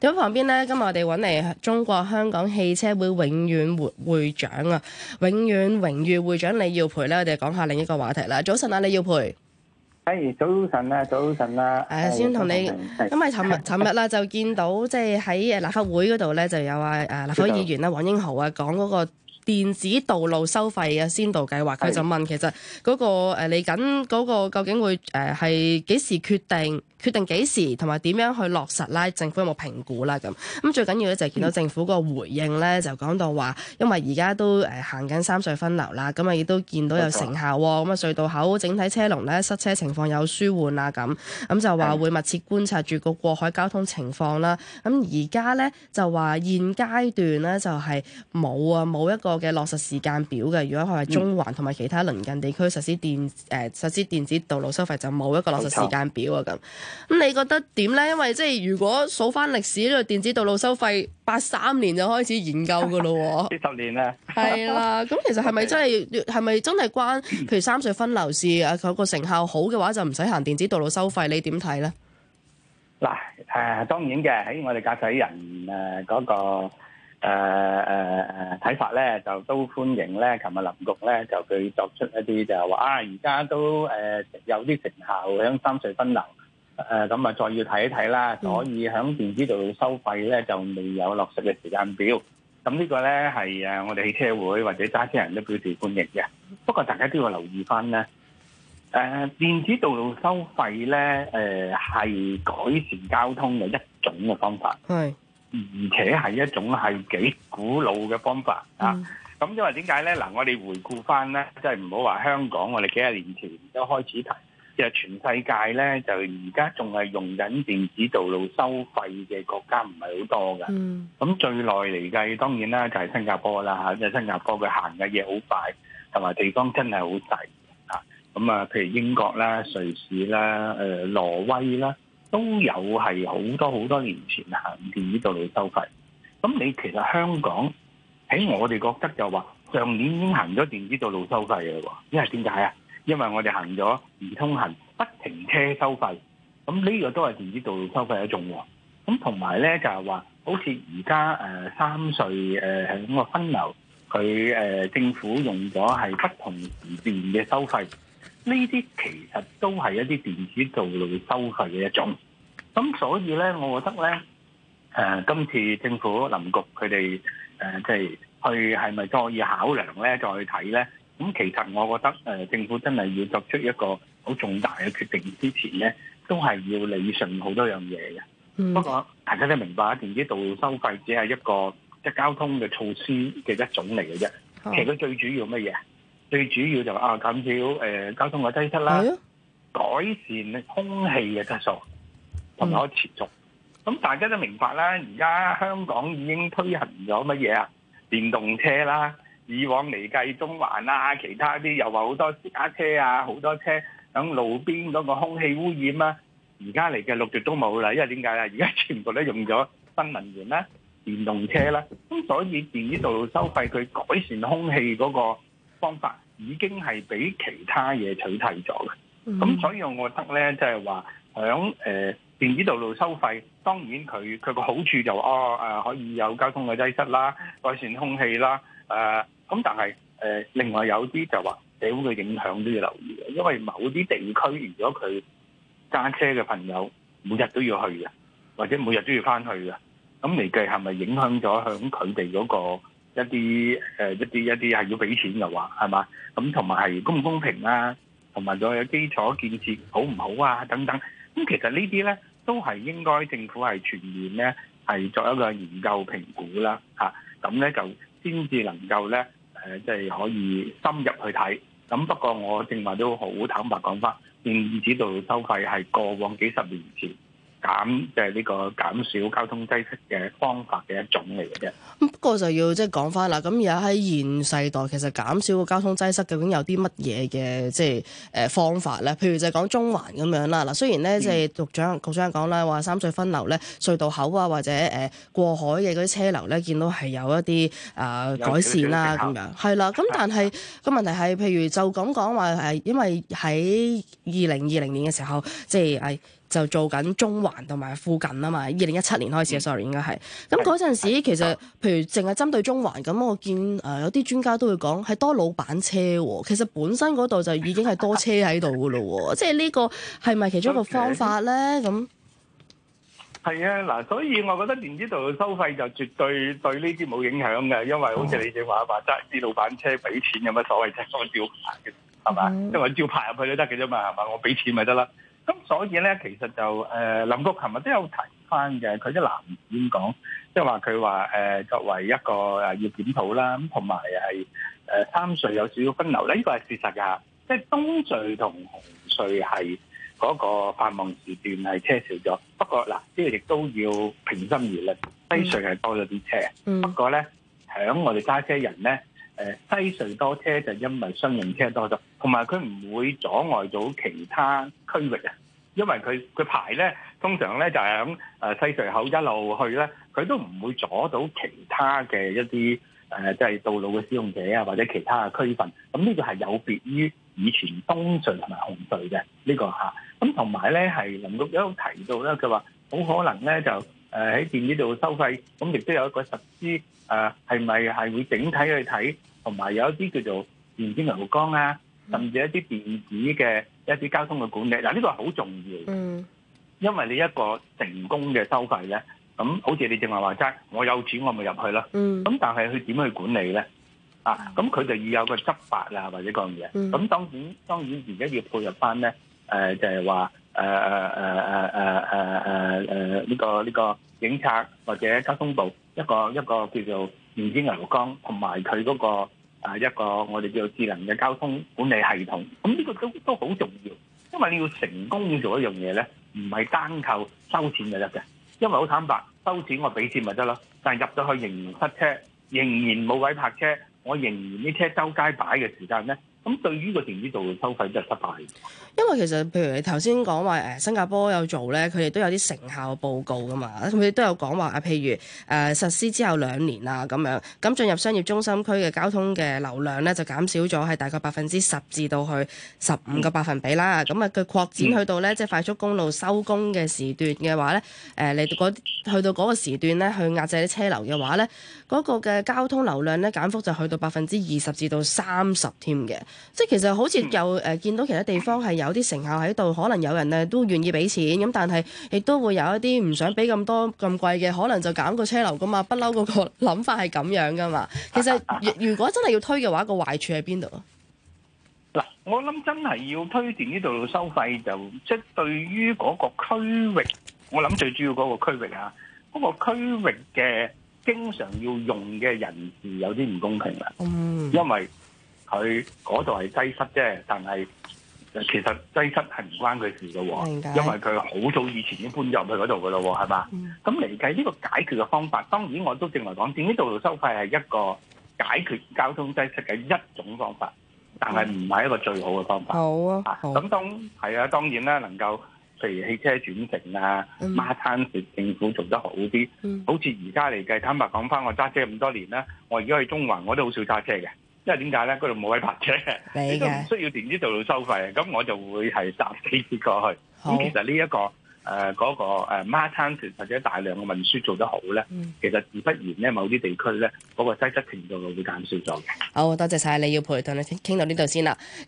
咁旁邊呢，今日我哋揾嚟中國香港汽車會永遠會會長啊，永遠榮譽會長李耀培呢，我哋講下另一個話題啦。早晨啊，李耀培，哎、hey, 早晨啊，早晨啊，先同你，咁為尋日尋日啦就見到 即係喺立法會嗰度呢，就有啊立法會議員啊，黃英豪啊，講嗰個電子道路收費嘅先導計劃，佢 Hey. 就問其實嗰、嗰個嚟緊嗰個究竟會誒係幾時決定？決定幾時同埋點樣去落實啦？政府有冇評估啦？咁咁最緊要咧就係見到政府個回應咧，就講到話，因為而家都誒行緊三隧分流啦，咁啊亦都見到有成效喎，咁啊隧道口整體車龍咧塞車情況有舒緩啦，咁咁就話會密切觀察住個過海交通情況啦。咁而家咧就話現階段咧就係冇啊冇一個嘅落實時間表嘅。如果佢係中環同埋其他鄰近地區實施電誒實施電子道路收費，就冇一個落實時間表啊咁。咁你覺得點咧？因為即係如果數翻歷史咧，電子道路收費八三年就開始研究噶咯喎，幾十年啦。係啦，咁其實係咪真係係咪真係關？譬如三隧分流事啊，佢個成效好嘅話，就唔使行電子道路收費。你點睇咧？嗱，誒當然嘅喺我哋駕駛人誒嗰個誒誒睇法咧，就都歡迎咧。琴日林局咧就佢作出一啲就係話啊，而家都誒有啲成效喺三隧分流。誒咁啊，再要睇一睇啦。所以喺電子道路收費咧，就未有落實嘅時間表。咁呢個咧係誒我哋汽車會或者揸車人都表示歡迎嘅。不過大家都要留意翻咧，誒電子道路收費咧，誒係改善交通嘅一種嘅方法，係而且係一種係幾古老嘅方法啊。咁因為點解咧？嗱，我哋回顧翻咧，即係唔好話香港，我哋幾廿年前都開始提。就全世界咧，就而家仲係用緊電子道路收費嘅國家唔係好多㗎。咁、嗯、最耐嚟計，當然啦，就係新加坡啦嚇。即係新加坡佢行嘅嘢好快，同埋地方真係好細嚇。咁啊，譬如英國啦、瑞士啦、誒挪威啦，都有係好多好多年前行電子道路收費。咁你其實香港喺我哋覺得就話上年已經行咗電子道路收費嘅喎，因為點解啊？因為我哋行咗唔通行、不停車收費，咁呢個都係電子道路收費一種。咁同埋咧，就係話好似而家誒三隧誒咁個分流，佢誒政府用咗係不同時段嘅收費，呢啲其實都係一啲電子道路收費嘅一種。咁所以咧，我覺得咧誒，今次政府林局佢哋誒即係去係咪再要考量咧，再睇咧。咁其實我覺得誒、呃、政府真係要作出一個好重大嘅決定之前咧，都係要理順好多樣嘢嘅。嗯、不過大家都明白啊，電子道路收費只係一個即係、就是、交通嘅措施嘅一種嚟嘅啫。嗯、其實最主要乜嘢？最主要就是、啊減少誒、呃、交通嘅擠塞啦，啊、改善空氣嘅質素同可持續。咁、嗯、大家都明白啦，而家香港已經推行咗乜嘢啊？電動車啦。以往嚟計中環啊，其他啲又話好多私家車啊，好多車響路邊嗰個空氣污染啊。而家嚟嘅六條都冇啦，因為點解啊？而家全部都用咗新能源啦、啊、電動車啦、啊。咁所以電子道路收費佢改善空氣嗰個方法已經係俾其他嘢取締咗嘅。咁所以我覺得咧，即係話響誒電子道路收費，當然佢佢個好處就是、哦、呃、可以有交通嘅擠塞啦，改善空氣啦，呃咁但係誒、呃，另外有啲就話社會嘅影響都要留意嘅，因為某啲地區，如果佢揸車嘅朋友每日都要去嘅，或者每日都要翻去嘅，咁嚟計係咪影響咗佢哋嗰個一啲、呃、一啲一啲係要俾錢嘅話係嘛？咁同埋係公唔公平啊，同埋仲有、有基礎建設好唔好啊等等。咁其實呢啲咧都係應該政府係全面咧係作一個研究評估啦咁咧、啊、就先至能夠咧。誒，即係可以深入去睇，咁不過我正話都好坦白講返，電子道收費係過往幾十年前，減即係呢個減少交通擠塞嘅方法嘅一種嚟嘅啫。咁不過就要即係講翻啦。咁而家喺現世代，其實減少個交通擠塞究竟有啲乜嘢嘅即係方法咧？譬如就係講中環咁樣啦。嗱，雖然咧即係局長局長講啦，話三水分流咧，隧道口啊或者誒、呃、過海嘅嗰啲車流咧，見到係有一啲啊、呃、改善啦、啊、咁度樣。係啦，咁但係個的問題係，譬如就咁講話係因為喺二零二零年嘅時候，即、就、係、是就做緊中環同埋附近啊嘛，二零一七年開始啊，sorry，應該係咁嗰陣時，其實譬如淨係針對中環，咁我見誒有啲專家都會講係多老闆車喎，其實本身嗰度就已經係多車喺度噶咯喎， 即係呢個係咪其中一個方法咧？咁係啊，嗱，所以我覺得電子道路收費就絕對對呢啲冇影響嘅，因為好似你哋話話齋啲老闆車俾錢有乜所謂啫？攞招牌嘅係嘛，mm hmm. 因為招牌入去都得嘅啫嘛，係嘛，我俾錢咪得啦。咁所以咧，其實就誒林局琴日都有提翻嘅，佢啲藍點講，即係話佢話誒作為一個誒要檢討啦，咁同埋係誒三隧有少少分流咧，依個係事實㗎，即係東隧同紅隧係嗰個繁忙時段係車少咗，不過嗱，呢個亦都要平心而論，西隧係多咗啲車，不過咧響我哋揸車人咧。誒西隧多車就因為商用車多咗，同埋佢唔會阻礙到其他區域啊，因為佢佢排咧通常咧就係響誒西隧口一路去咧，佢都唔會阻到其他嘅一啲誒即係道路嘅使用者啊，或者其他嘅區分。咁呢個係有別於以前東隧同埋紅隧嘅呢個嚇。咁同埋咧係林國優提到咧，佢話好可能咧就誒喺電子道路收費，咁亦都有一個實施誒係咪係會整體去睇。同埋有一啲叫做電子牛肉乾啦、啊，甚至一啲電子嘅一啲交通嘅管理，嗱、啊、呢、這個係好重要。嗯，因為你一個成功嘅收費咧，咁好似你正話話齋，我有錢我咪入去咯。嗯，咁但係佢點去管理咧？啊，咁佢就要有個執法啊，或者嗰樣嘢。咁當然當然而家要配合翻咧，誒、呃、就係話誒誒誒誒誒誒誒誒呢個呢、這個警察或者交通部一個一個叫做電子牛肉乾同埋佢嗰個。啊！一個我哋叫做智能嘅交通管理系統，咁呢個都都好重要，因為你要成功咗一樣嘢咧，唔係單靠收錢就得嘅，因為好坦白，收錢我俾錢咪得咯，但入咗去仍然塞車，仍然冇位泊車，我仍然啲車周街擺嘅時間咧。咁對於個電子道路收費真係失敗，因為其實譬如你頭先講話新加坡有做咧，佢哋都有啲成效報告噶嘛，佢哋都有講話啊，譬如誒、呃、實施之後兩年啊咁樣，咁進入商業中心區嘅交通嘅流量咧就減少咗係大概百分之十至到去十五個百分比啦。咁啊佢擴展去到咧、嗯、即快速公路收工嘅時段嘅話咧，誒嚟到嗰去到嗰個時段咧去壓制啲車流嘅話咧，嗰、那個嘅交通流量咧減幅就去到百分之二十至到三十添嘅。即係其實好似又誒見到其他地方係有啲成效喺度，可能有人咧都願意俾錢咁，但係亦都會有一啲唔想俾咁多咁貴嘅，可能就減個車流噶嘛。不嬲嗰個諗法係咁樣噶嘛。其實如果真係要推嘅話， 個壞處喺邊度？嗱，我諗真係要推電呢度收費、就係，就即、係、係對於嗰個區域，我諗最主要嗰個區域啊，嗰、嗰個區域嘅經常要用嘅人士有啲唔公平啦，嗯、因為。佢嗰度係擠塞啫，但係其實擠塞係唔關佢事嘅喎，的因為佢好早以前已經搬入去嗰度嘅咯喎，係嘛？咁嚟計呢個解決嘅方法，當然我都正來講，點解道路收費係一個解決交通擠塞嘅一種方法，但係唔係一個最好嘅方法。好啊，咁、啊、當係啊，當然啦，能夠譬如汽車轉乘啊，嗯、馬鞍山，政府做得好啲，嗯、好似而家嚟計，坦白講翻，我揸車咁多年啦，我而家去中環我都好少揸車嘅。即係點解咧？嗰度冇位泊車，你，的你都唔需要電子道路收費，咁我就會係搭地鐵過去。咁好其實呢、這、一個誒嗰、呃那個誒孖撐船或者大量嘅運輸做得好咧，嗯、其實自不然咧，某啲地區咧嗰、那個擠塞程度會減少咗嘅。好、oh, 多謝晒，你要陪同，你傾到呢度先啦。